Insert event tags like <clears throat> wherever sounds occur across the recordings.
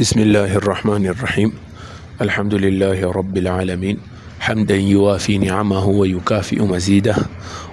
بسم الله الرحمن الرحيم الحمد لله رب العالمين حمدا يوافي نعمه ويكافئ مزيده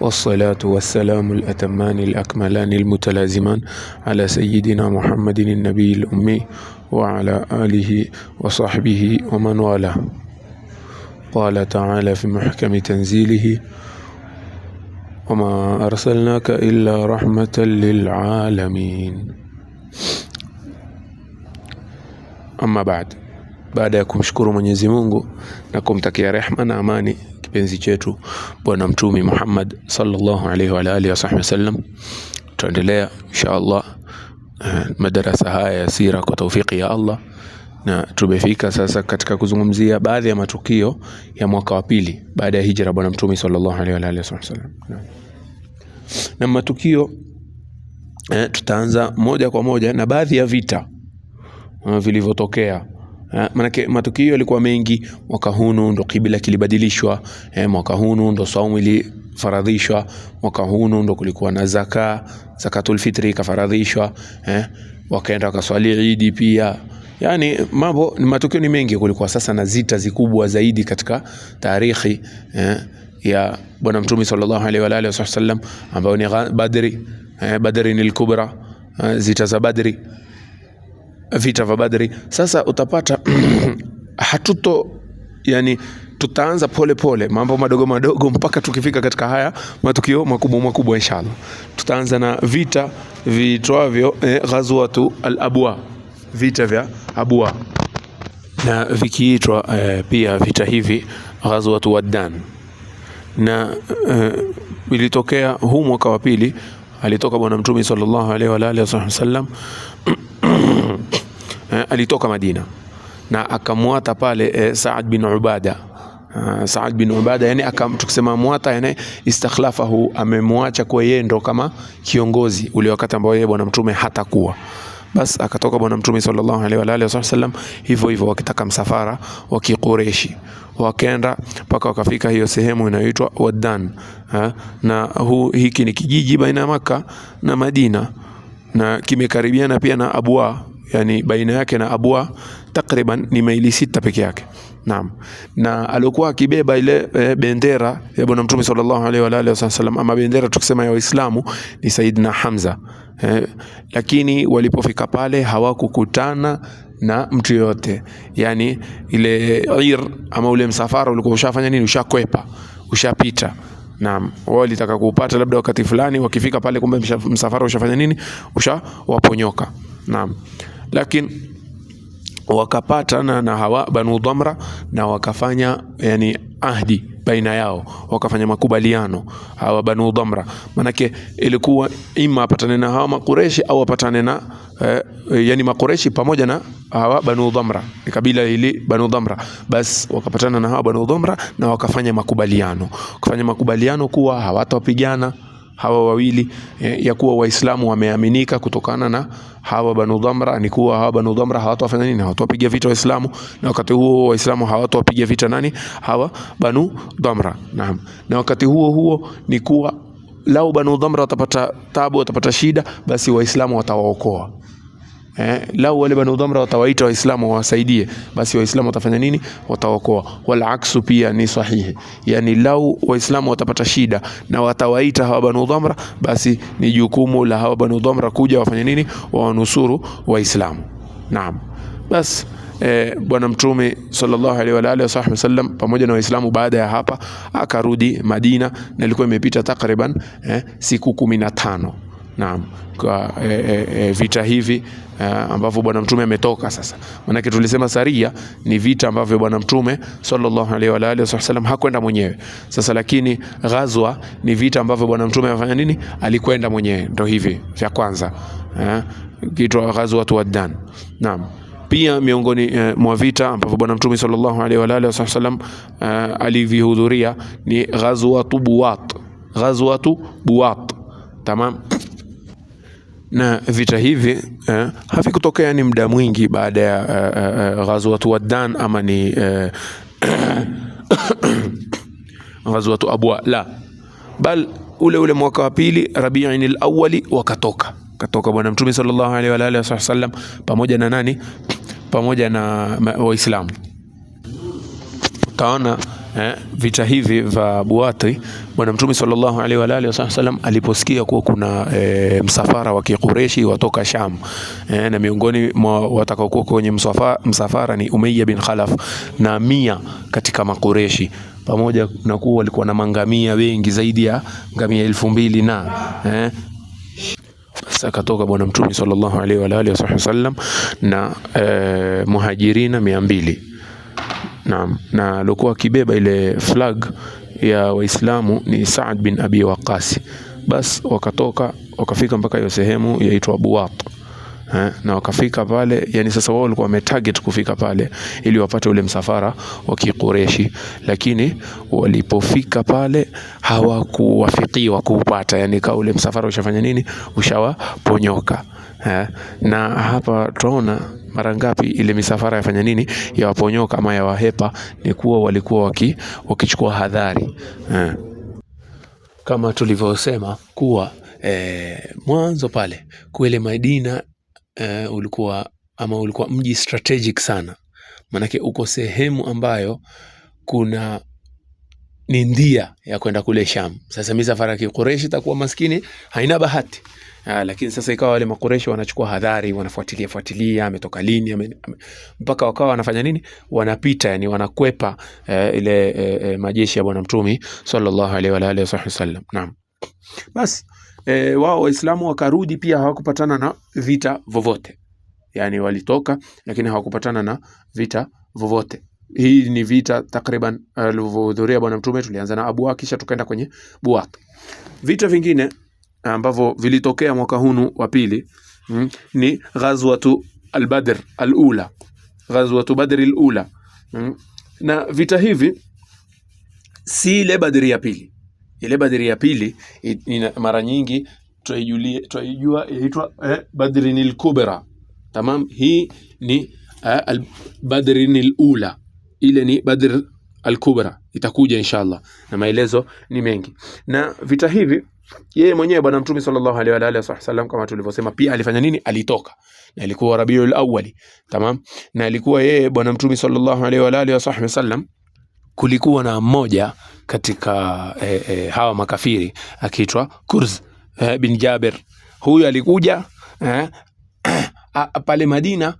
والصلاة والسلام الأتمان الأكملان المتلازمان على سيدنا محمد النبي الأمي وعلى آله وصحبه ومن والاه قال تعالى في محكم تنزيله وما أرسلناك إلا رحمة للعالمين Amma baad, baada ya kumshukuru Mwenyezi Mungu na kumtakia rehma na amani kipenzi chetu Bwana mtumi Muhammad sallallahu alaihi wa alihi wasallam tutaendelea insha Allah eh, madarasa haya ya sira kwa taufiki ya Allah, na tumefika sasa katika kuzungumzia baadhi ya matukio ya mwaka wa pili baada ya hijra Bwana mtumi sallallahu alaihi wa alihi wasallam na matukio eh, tutaanza moja kwa moja na baadhi ya vita uh, vilivyotokea uh, manake matukio yalikuwa mengi mwaka hunu ndo kibla kilibadilishwa eh, mwaka hunu ndo saumu ilifaradhishwa mwaka hunu ndo kulikuwa na zaka zakatul fitri ikafaradhishwa eh, wakaenda wakaswali idi pia yani mambo ni matukio ni mengi kulikuwa sasa na zita zikubwa zaidi katika tarikhi eh, ya bwana mtume sallallahu alaihi wa alihi wasallam ambayo ni Badri eh, Badri ni kubra eh, zita za Badri vita vya Badri. Sasa utapata <clears throat> hatuto yani tutaanza pole pole mambo madogo madogo mpaka tukifika katika haya matukio makubwa makubwa inshallah. Tutaanza na vita vitwavyo eh, ghazwatu al-Abwa, vita vya Abwa na vikiitwa eh, pia vita hivi ghazwatu Waddan na eh, ilitokea huu mwaka wa pili alitoka Bwana Mtume sallallahu alaihi wa alihi wasallam <clears throat> eh, alitoka Madina na akamwata pale eh, Saad bin Ubada Uh, Saad bin Ubada yani tukisema mwata yani istakhlafahu, amemwacha kwa yeye ndo kama kiongozi ule wakati ambao yeye bwana mtume hatakuwa. Bas akatoka bwana mtume sallallahu alaihi wa alihi wasallam hivyo hivyo, wakitaka msafara wa Kikureshi wakaenda mpaka wakafika hiyo sehemu inayoitwa Waddan ha? Eh, na hu, hiki ni kijiji baina ya Maka na Madina na kimekaribiana pia na Abwa yani baina yake na abua takriban ni maili sita peke yake. Naam. Na alikuwa akibeba ile e, bendera ya bwana Mtume sallallahu alaihi wa alihi wasallam, ama bendera tukisema ya Waislamu ni Saidina Hamza e, lakini walipofika pale hawakukutana na mtu yoyote, yani ile ir ama ule msafara ulikuwa ushafanya nini, ushakwepa, ushapita. Naam, wao walitaka kuupata labda wakati fulani, wakifika pale kumbe msafara ushafanya nini, ushawaponyoka naam lakini wakapatana na hawa banu dhamra na wakafanya yani ahdi baina yao wakafanya makubaliano hawa banu dhamra manake ilikuwa ima apatane na hawa makureshi au apatane na eh, yani makureshi pamoja na hawa banu dhamra kabila hili banu dhamra bas wakapatana na hawa banu dhamra na wakafanya makubaliano kufanya makubaliano kuwa hawatapigana hawa wawili eh, ya kuwa waislamu wameaminika kutokana na hawa Banu Dhamra ni kuwa hawa Banu Dhamra hawatawafanya nini? Hawatawapiga vita Waislamu, na wakati huo Waislamu hawatawapiga vita nani? Hawa Banu Dhamra. Naam, na wakati huo huo ni kuwa lau Banu Dhamra watapata tabu, watapata shida, basi Waislamu watawaokoa eh, lau wale Banu Dhamra watawaita Waislamu wawasaidie, basi Waislamu watafanya nini? Wataokoa. Wala aksu pia ni sahihi, yani lau Waislamu watapata shida na watawaita hawa Banu Dhamra, basi ni jukumu la hawa Banu Dhamra kuja wafanye nini? Wawanusuru Waislamu. Naam, basi Eh, Bwana Mtume sallallahu alaihi wa alihi wasallam pamoja na Waislamu baada ya hapa akarudi Madina, na ilikuwa imepita takriban eh, siku kumi na tano. Naam, kwa e, e, e, vita hivi e, ambavyo bwana mtume ametoka sasa. Maanake tulisema saria ni vita ambavyo bwana mtume sallallahu alaihi wa alihi wasallam hakwenda mwenyewe. Sasa lakini ghazwa ni vita ambavyo bwana mtume amefanya nini? Alikwenda mwenyewe. Ndio hivi vya kwanza e, kiitwa ghazwa Waddan. Naam. Pia miongoni e, mwa vita ambavyo bwana mtume sallallahu alaihi wa alihi wasallam e, alivihudhuria ni ghazwa Buwat. ghazwa Buwat. Tamam na vita hivi eh, havikutokea ni muda mwingi baada ya eh, eh, eh, Ghazwatu Waddan ama ni eh, <coughs> Ghazwatu Abwa, la bal ule ule mwaka wa pili Rabiin lawali wakatoka katoka Bwana Mtume sallallahu alaihi wa alihi wasallam pamoja na nani, pamoja na Waislamu utaona eh, vita hivi vya Buati, bwana Mtume sallallahu alaihi wa alihi wasallam aliposikia kuwa kuna eh, msafara wa Kikureshi watoka Sham eh, na miongoni mwa watakaokuwa kwenye msafara, msafara ni Umayya bin Khalaf na mia katika Makureshi pamoja na kuwa walikuwa na mangamia wengi zaidi ya ngamia elfu mbili na eh, sasa akatoka bwana Mtume sallallahu alaihi wa alihi wasallam na eh, muhajirina mia mbili Naam, na aliokuwa akibeba ile flag ya Waislamu ni Saad bin Abi Waqas. Bas wakatoka wakafika mpaka hiyo sehemu yaitwa Buwat ha, eh, na wakafika pale yani, sasa wao walikuwa wametarget kufika pale ili wapate ule msafara wa Kikureshi, lakini walipofika pale hawakuwafikiwa kuupata, yani kaa ule msafara ushafanya nini, ushawaponyoka ha, eh. na hapa tunaona mara ngapi ile misafara yafanya nini ya waponyoka ama ya wahepa ni kuwa walikuwa waki, wakichukua hadhari eh. Kama tulivyosema kuwa eh, mwanzo pale kuele Madina eh, ulikuwa ama ulikuwa mji strategic sana, manake uko sehemu ambayo kuna ni ndia ya kwenda kule Sham. Sasa misafara ya Quraysh itakuwa maskini haina bahati Aa, ah, lakini sasa ikawa wale makureshi wanachukua hadhari, wanafuatilia fuatilia ametoka lini, mpaka wakawa wanafanya nini, wanapita yani wanakwepa eh, ile eh, eh majeshi ya bwana mtumi sallallahu alaihi wa alihi wasallam. Naam, basi eh, wao Waislamu wakarudi pia hawakupatana na vita vovote, yani walitoka lakini hawakupatana na vita vovote. Hii ni vita takriban eh, alivyohudhuria bwana mtume, tulianza na Abuwaq kisha tukaenda kwenye Buwaq. Vita vingine ambavyo vilitokea mwaka hunu wa pili mm, ni ghazwatu albadr alula ghazwatu badri alula mm, na vita hivi si ile badri ya pili. Ile badri ya pili mara nyingi twaijua inaitwa eh, badrinil kubra tamam. Hii ni eh, badrinil ula, ile ni badr al kubra, itakuja inshallah na maelezo ni mengi. Na vita hivi yeye mwenyewe bwana mtume sallallahu alaihi wa alihi wasallam kama tulivyosema pia alifanya nini? Alitoka na ilikuwa Rabiul Awwali, tamam. Na ilikuwa yeye bwana mtume sallallahu alaihi wa alihi wasallam, kulikuwa na mmoja katika eh, eh, hawa makafiri akiitwa Kurz eh, bin jaber Huyu alikuja eh, <clears throat> pale Madina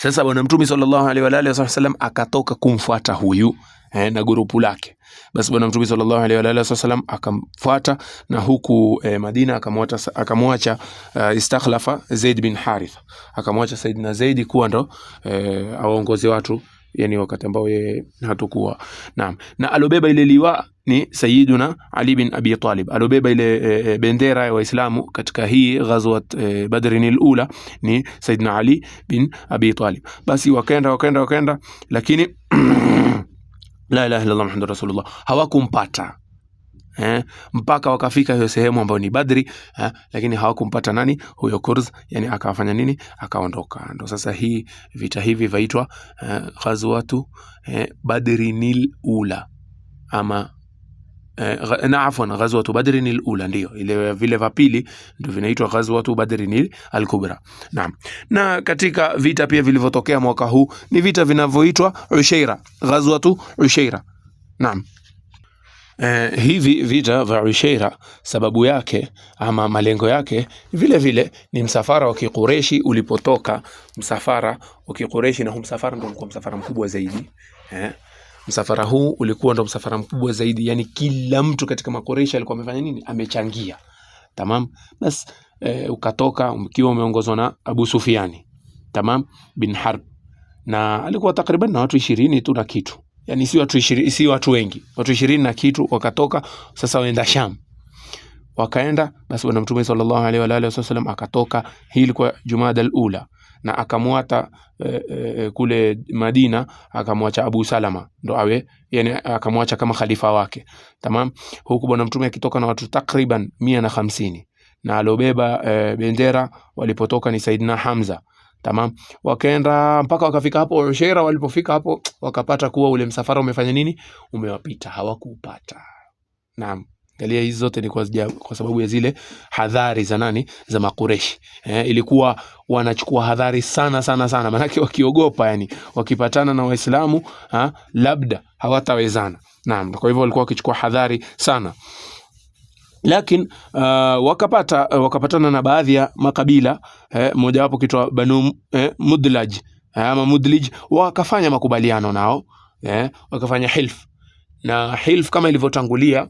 sasa bwana Mtume sallallahu alaihi wa alihi wasallam akatoka kumfuata huyu eh, na gurupu lake. Basi bwana Mtume sallallahu alaihi wa alihi wasallam akamfuata na huku eh, Madina akamwacha akamwacha uh, istakhlafa Zaid bin harith akamwacha Saidina Zaid kuwa ndo eh, aongoze watu yani wakati ambao yeye hatakuwa. Naam, na alobeba ile liwa ni Sayyiduna Ali bin Abi Talib aliobeba ile e, bendera ya Waislamu katika hii ghazwat e, eh, Badrin al-ula ni Sayyidina Ali bin Abi Talib. Basi wakaenda wakaenda wakaenda, lakini <clears throat> la ilaha illallah muhammadur rasulullah, hawakumpata Eh, mpaka wakafika hiyo sehemu ambayo ni Badri eh, lakini hawakumpata nani huyo Kurz, yani akafanya nini? Akaondoka. Ndo sasa hii vita hivi vaitwa eh, Ghazwatu eh, Badrinil Ula ama eh, na afwan ghazwatu badrin alula, ndio ile vile vya pili ndio vinaitwa ghazwatu badrin alkubra. Naam, na katika vita pia vilivyotokea mwaka huu ni vita vinavyoitwa Ushaira, ghazwatu Ushaira. Naam. Eh, hivi vita vya Ushaira sababu yake ama malengo yake vile vile ni msafara wa Kikureshi ulipotoka, msafara wa Kikureshi na msafara ndio msafara mkubwa zaidi eh msafara huu ulikuwa ndo msafara mkubwa zaidi, yani kila mtu katika makoresha alikuwa amefanya nini, amechangia. Tamam, bas e, ukatoka ukiwa umeongozwa na Abu Sufiani tamam bin Harb, na alikuwa takriban na watu ishirini tu na kitu, yani si watu ishirini, si watu wengi, watu ishirini na kitu. Wakatoka sasa waenda Sham wakaenda basi, bwana Mtume sallallahu alaihi wa alihi wasallam akatoka. Hii ilikuwa Jumada al-Ula na akamwata e, e, kule Madina akamwacha Abu Salama ndo awe yani, akamwacha kama khalifa wake tamam. Huku bwana mtume akitoka na watu takriban mia na hamsini na alobeba e, bendera walipotoka ni Saidina Hamza tamam. Wakaenda mpaka wakafika hapo Ushera. Walipofika hapo wakapata kuwa ule msafara umefanya nini, umewapita, hawakupata naam. Angalia hizi zote ni kwa, kwa sababu ya zile hadhari za nani za Makureshi. Eh, ilikuwa wanachukua hadhari sana sana sana, maanake wakiogopa yani, wakipatana na Waislamu ha, labda hawatawezana. Naam, kwa hivyo walikuwa wakichukua hadhari sana lakini uh, wakapata uh, wakapatana na baadhi ya makabila eh, mojawapo kitwa Banu eh, Mudlaj eh, ama Mudlij, wakafanya makubaliano nao eh, wakafanya hilf na hilf kama ilivyotangulia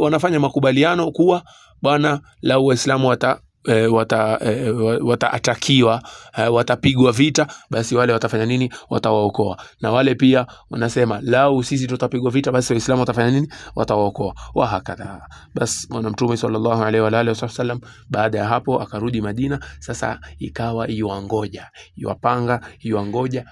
wanafanya makubaliano kuwa bwana, lau Waislamu wata E, wata e, e, watapigwa vita, basi wale watafanya nini? Watawaokoa. Na wale pia wanasema lau sisi tutapigwa vita, basi waislamu watafanya nini? Watawaokoa. wa hakadha. Bas Bwana Mtume sallallahu alaihi wa alihi wasallam baada ya hapo akarudi Madina. Sasa ikawa iwangoja iwapanga iwangoja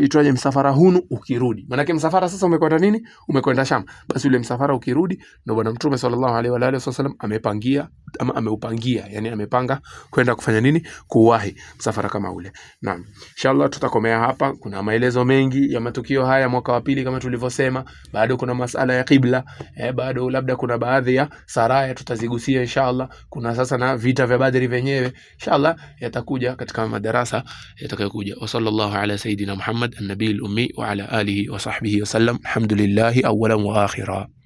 itwaje, msafara hunu ukirudi, maanake msafara sasa umekwenda nini? Umekwenda Sham. Basi ule msafara ukirudi, ndo Bwana Mtume sallallahu alaihi wa alihi wasallam amepangia ama ameupangia, yani amepanga kwenda kufanya nini? Kuwahi msafara kama ule. Naam, inshallah tutakomea hapa. Kuna maelezo mengi ya matukio haya mwaka wa pili, kama tulivyosema, bado kuna masala ya kibla eh, bado labda kuna baadhi ya saraya tutazigusia inshallah. Kuna sasa na vita vya Badri vyenyewe inshallah yatakuja katika madarasa yatakayokuja. Wa sallallahu ala sayidina محمد النبي الأمي وعلى آله وصحبه وسلم الحمد لله أولا وآخرا